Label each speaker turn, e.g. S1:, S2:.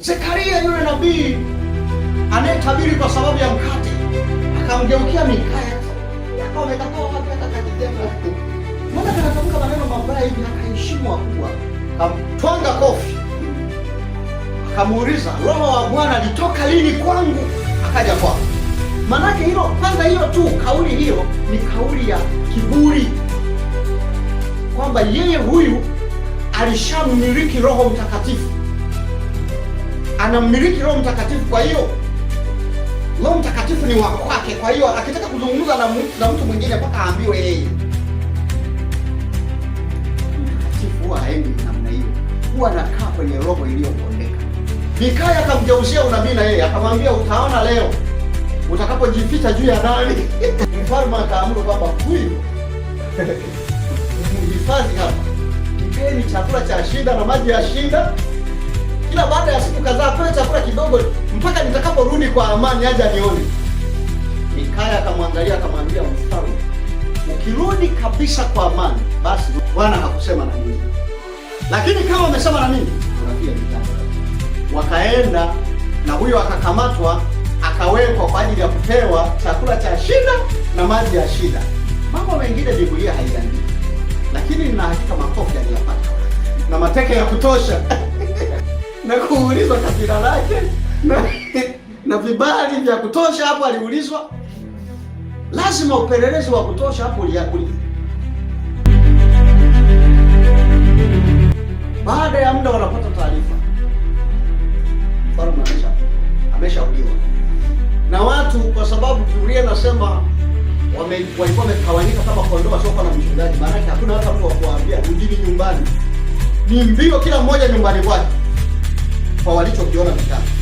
S1: Zekaria yule nabii anayetabiri kwa sababu ya mkate akamgeukia Mikaya, mbona kanatamka maneno mabaya hivi? Akaheshimu wakubwa, akamtwanga kofi, akamuuliza Roho wa Bwana alitoka lini kwangu akaja kwangu? Maanake hilo kwanza, hiyo tu kauli hiyo ni kauli ya kiburi, kwamba yeye huyu alishamiliki Roho Mtakatifu anamiliki Roho Mtakatifu. Kwa hiyo Roho Mtakatifu ni wa kwake. Kwa hiyo akitaka kuzungumza na mtu na mtu mwingine mpaka aambiwe yeye. Mtakatifu huwa haendi namna hiyo, huwa anakaa kwenye roho iliyokondeka Mikaya akamjeushia unabii na yeye akamwambia, utaona leo utakapojificha juu ya nani. Mfalme akaamuru kwamba huyu mhifadhi hapa, kipeni chakula cha shida na maji ya shida kila baada ya siku kadhaa pewe chakula kidogo mpaka nitakaporudi kwa amani aje anione. Mikaya akamwangalia akamwambia, mfalme, ukirudi kabisa kwa amani, basi Bwana hakusema na mimi, lakini kama amesema na mimi unafia Wakaenda na huyo akakamatwa akawekwa kwa ajili ya kupewa chakula cha shida na maji ya shida. Mambo mengine Biblia haiandiki, lakini nina hakika makofi aliyapata na mateke ya kutosha. na kuulizwa kabila lake na, na vibali vya kutosha. Hapo aliulizwa, lazima upelelezi wa kutosha hapo uliakulia. Baada ya muda wanapata taarifa amesha ameshauliwa na watu, kwa sababu Biblia nasema walikuwa wamegawanyika kama kondoo wasiokuwa na mchungaji. Maanake hakuna hata mtu wa kuambia, rudini nyumbani, ni mbio kila mmoja nyumbani kwake. Фаларичок Јоран Кан.